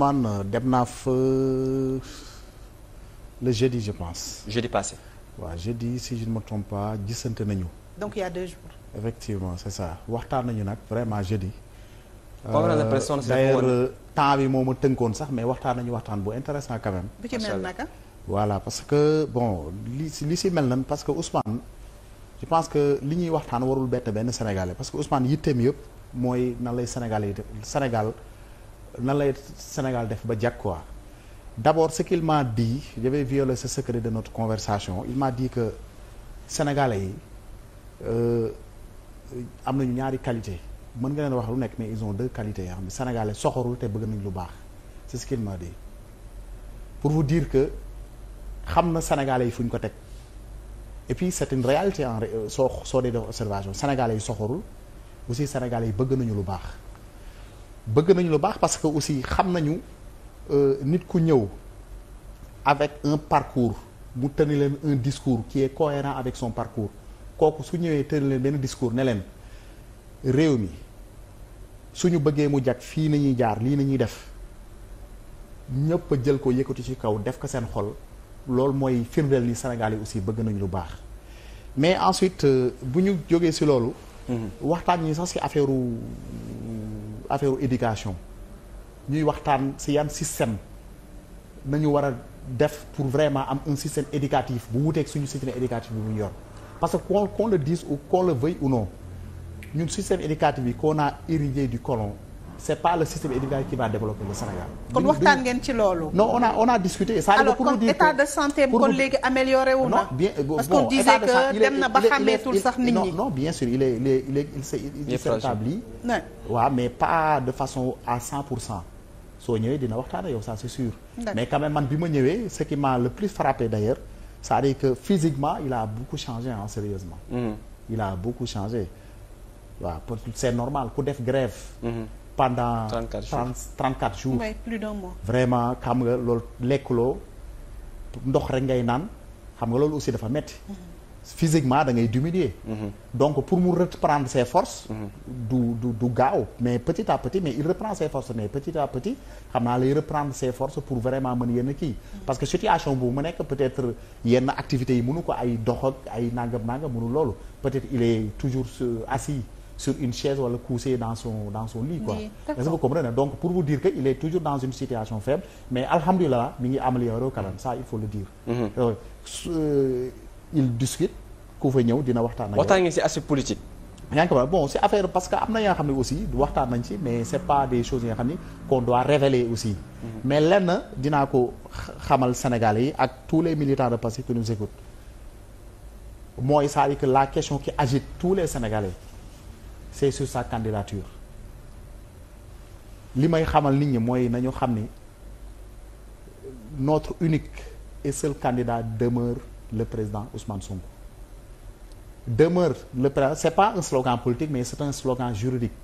man dem naa fa le jeudi je pense. jeudi passé. waaw jeudi si je ne me trompe pas gisante nañu. donc il y deux jours. effectivement c'est ça waxtaan nañu nag vraiment jeudi. Euh, d'ailleurs euh, temps bi moo ma tënkoon sax mais waxtaan nañu waxtaan bu intéressant quand même. bu parce que bon li si li si mel nan parce que Ousmane je pense que li ñuy waxtaan warul bett benn Sénégalais parce que Ousmane yitteem yëpp mooy na lay Sénégal yi Sénégal. nan lay Sénégal def ba jag quoi d'abord ce qu'il m'a dit je vais violer secret de notre conversation il m'a dit que sénégalais yi euh, am nañu ñaari qualité mën nga leen wax lu nekk mais ils ont deux yoo xam ne sénégalais soxorul bëgg nañ lu baax c'est ce pour vous dire que xam na sénégalais yi fu ñu ko teg et puis c'est une réalité en euh, soo soo dee def observation sénégalais yi soxorul aussi sénégalais yi bëgg nañu lu baax bëgg nañu lu baax parce que aussi xam nañu euh, nit ku ñëw avec un parcours mu tëni leen un discours ki est cohérent avec son parcours kooku su ñëwee tëni leen benn discours ne leen réew mi suñu bëggee mu jag fii nañuy jaar lii nañuy def ñëpp jël ko yëkkati ci kaw def ko seen xol loolu mooy firndeel ni Sénégal yi aussi bëgg nañu lu baax mais ensuite euh, bu ñu jógee si loolu mhm. waxtaan ñi sax si affaire affaire éducation ñuy waxtaan si yan système nañu war a def pour vraiment am un système éducatif bu wuteeg suñu système éducatif bi mu yor parce que qu'on qu'on le dise ou qu'on le veuille ou non ñun système éducatif bi qu'on a hérité du colon c' pas le système éducatif qui va développer le Sénégal. kon waxtaan ngeen ci loolu. non on a on a discuté. ça alors comme état de santé kon léegi amélioré wu na. bien bon parce qu'on que dem na ba xàmmeetul sax nit ñi. non bien sûr il est il est il mais pas de façon à 100 pour cent soo ñëwee dina waxtaan yow ça c' est mais quand man bi ma ce qui m'a le plus frappé d' ailleurs c' dire que physiquement il a beaucoup changé hein sérieusement. Mm-hmm. il a beaucoup changé pendant 34 jours 30 34 jours. oui plus d'un mois. vraiment xam nga loolu lekkuloo ndox rek ngay naan xam nga loolu aussi dafa metti mhm. physiquement da ngay diminuer. Mhm. donc pour mu reprendre ses forces. Mhm. du du du gaaw mais petit à petit mais il reprend ses forces mais petit à petit xam naa lay reprendre ses forces pour vraiment mën yenn kii. parce que situation bu mu nekk peut-être yenn activités yi mënu ko ay dox ak ay nangam nangam mënu loolu peut-être il est toujours sur une chaise wala couché dans son dans son lit quoi est-ce que vous comprenez donc pour vous dire que il est toujours dans une situation faible mais alhamdulilah mi ngi amélioré quand même ça il faut le dire mhm. euh, euh, il discute ku fa ñëw dina waxtaan waxtaan ngeen ci aspect politique yaa ngi ko bon c'est affaire parce que am na yoo xam ne aussi waxtaan nañ ci mais c'est pas des choses yi xam ni qu'on doit révéler aussi. Mhm. mais lenn dinaa ko xamal Sénégalais yi ak tous les militants de Pastef qui mooy cest que la question qui agite tous les Sénégalais. c'est sur sa candidature li may xamal nit ñi mooy nañu xam ni notre unique et seul candidat demeure le président Ousmane Sonko demeure le président c'est pas un slogan politique mais c'est un slogan juridique